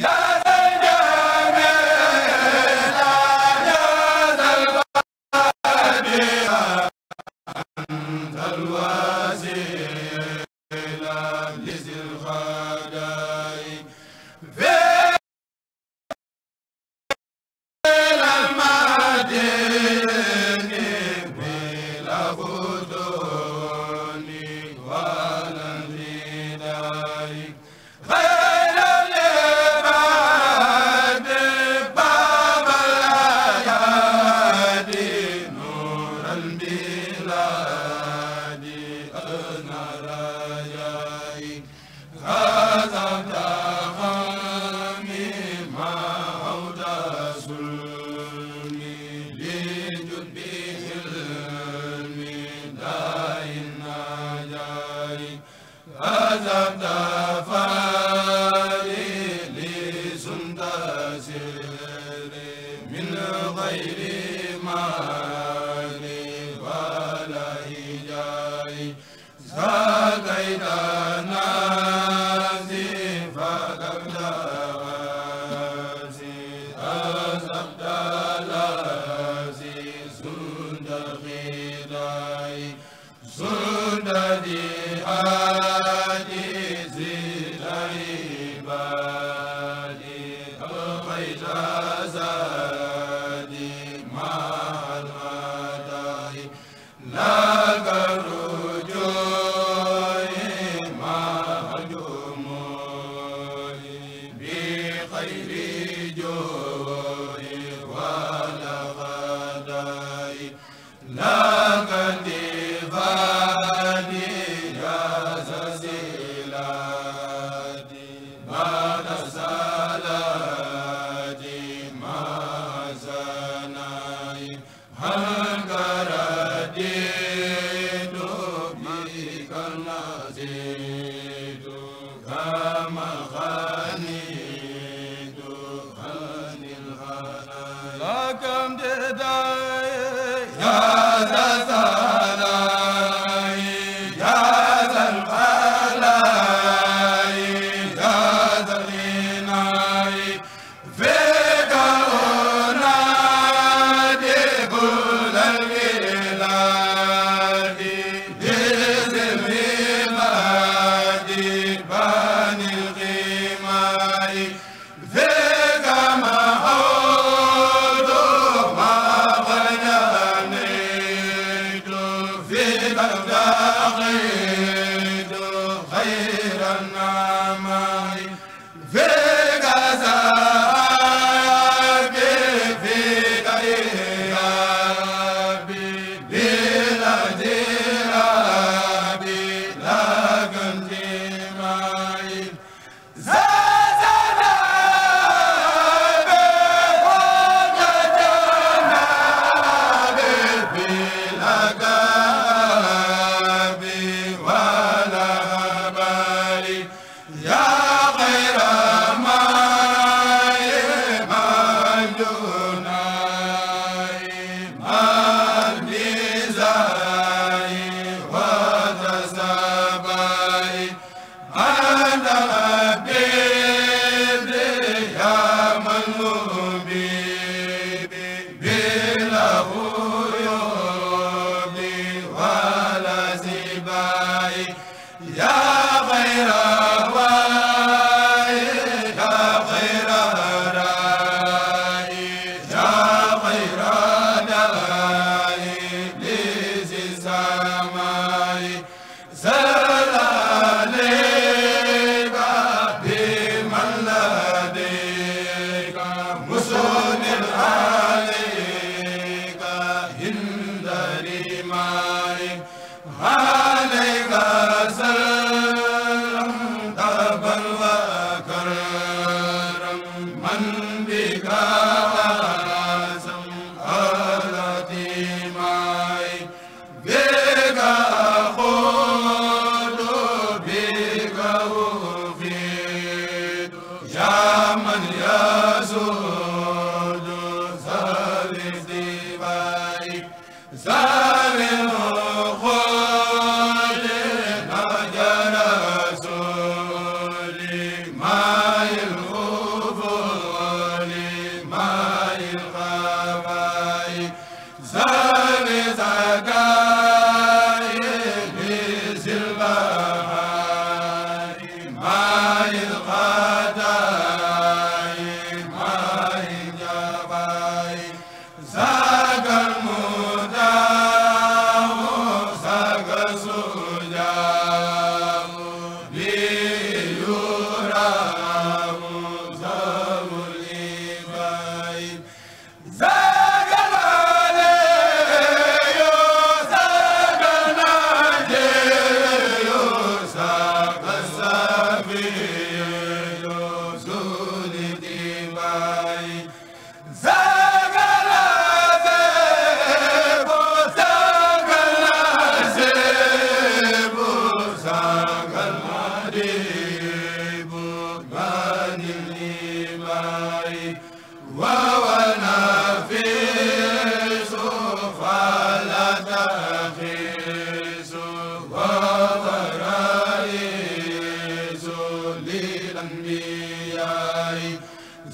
yaa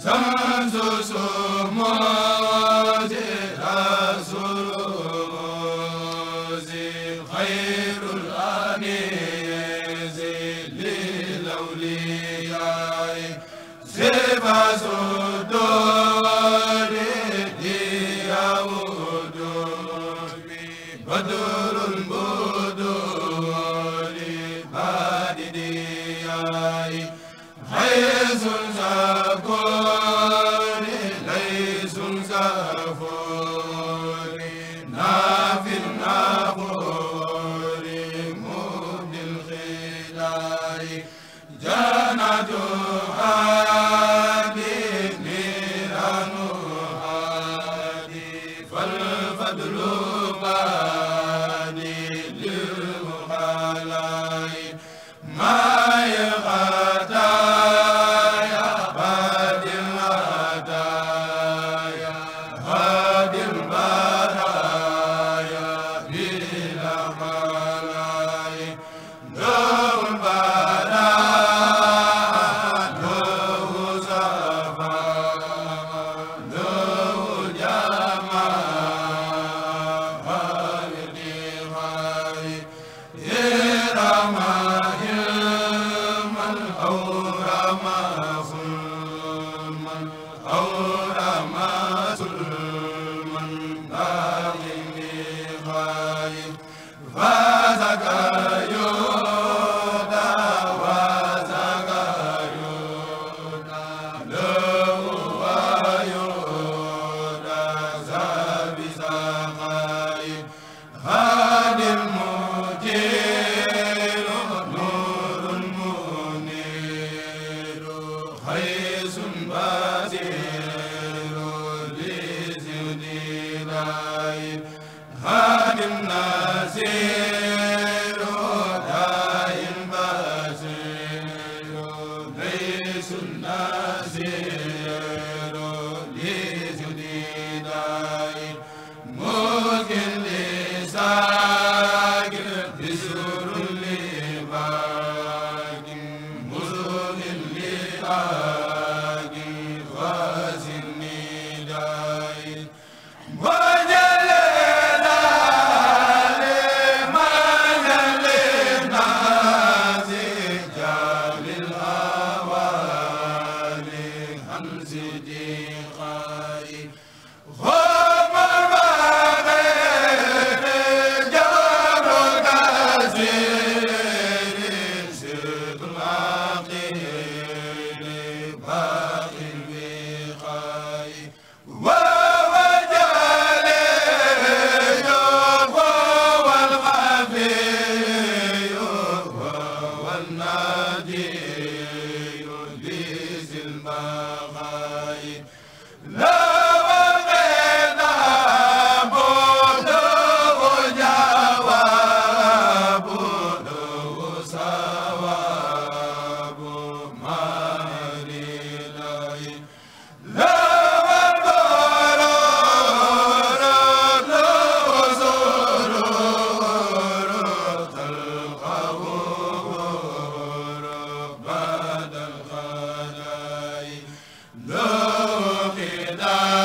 Zamzu Sumo la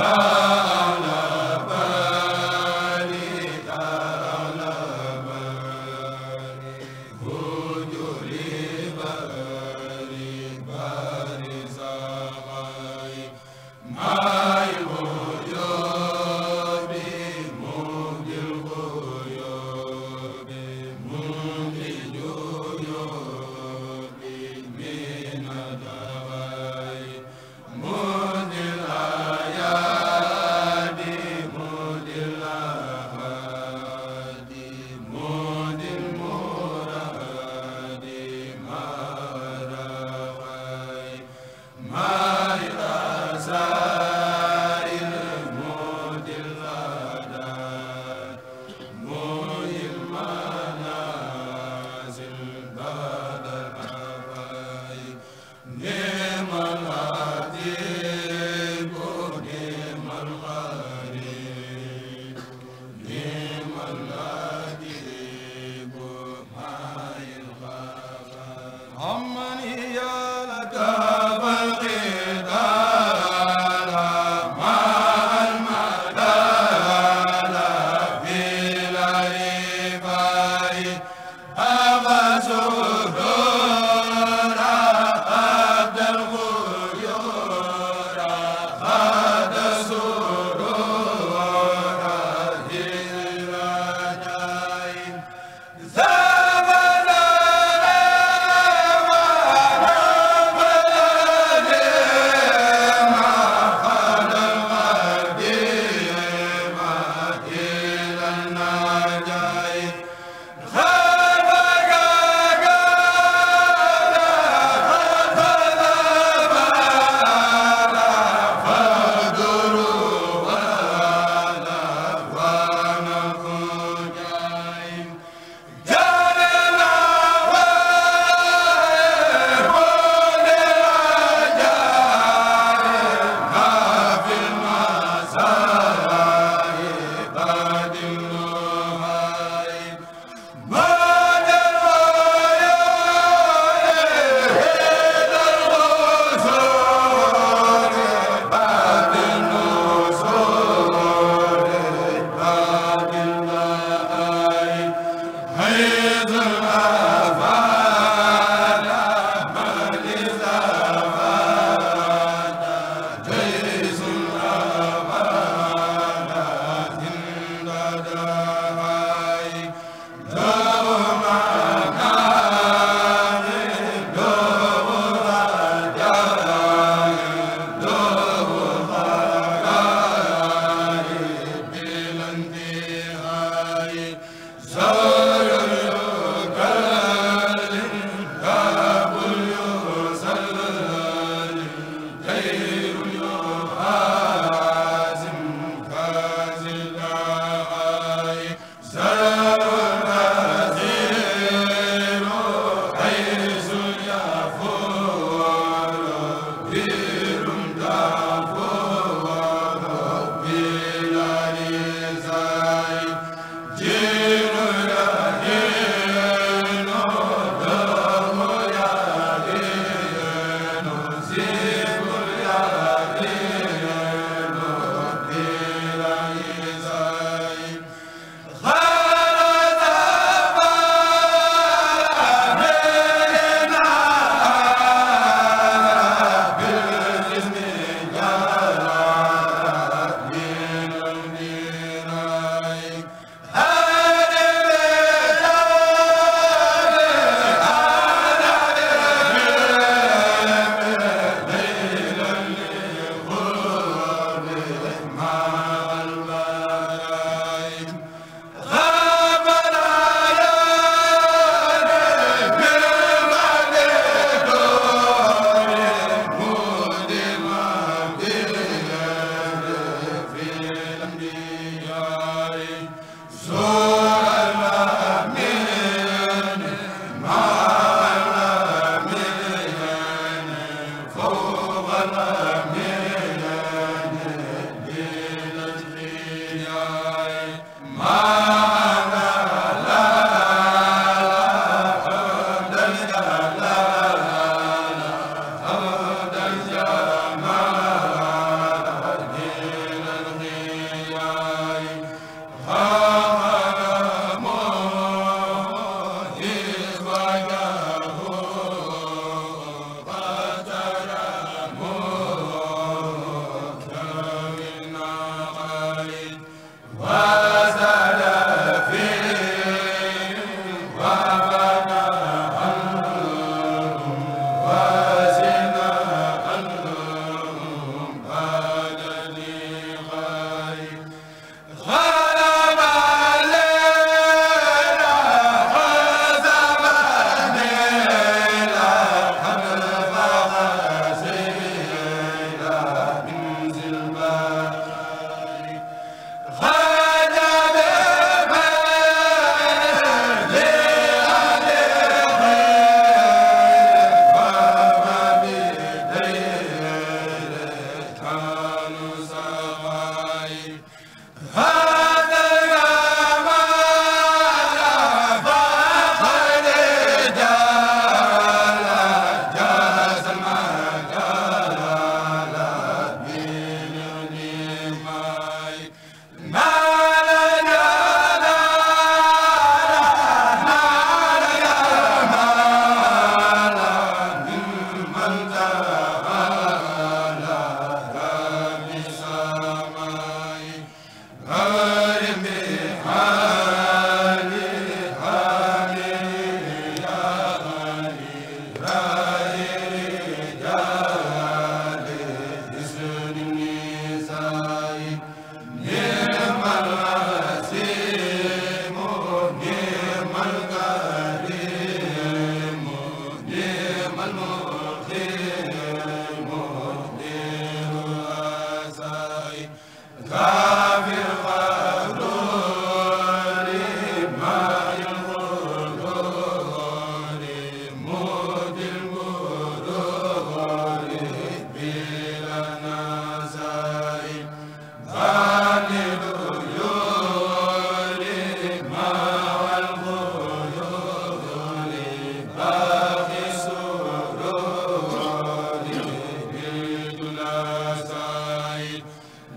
yaa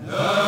la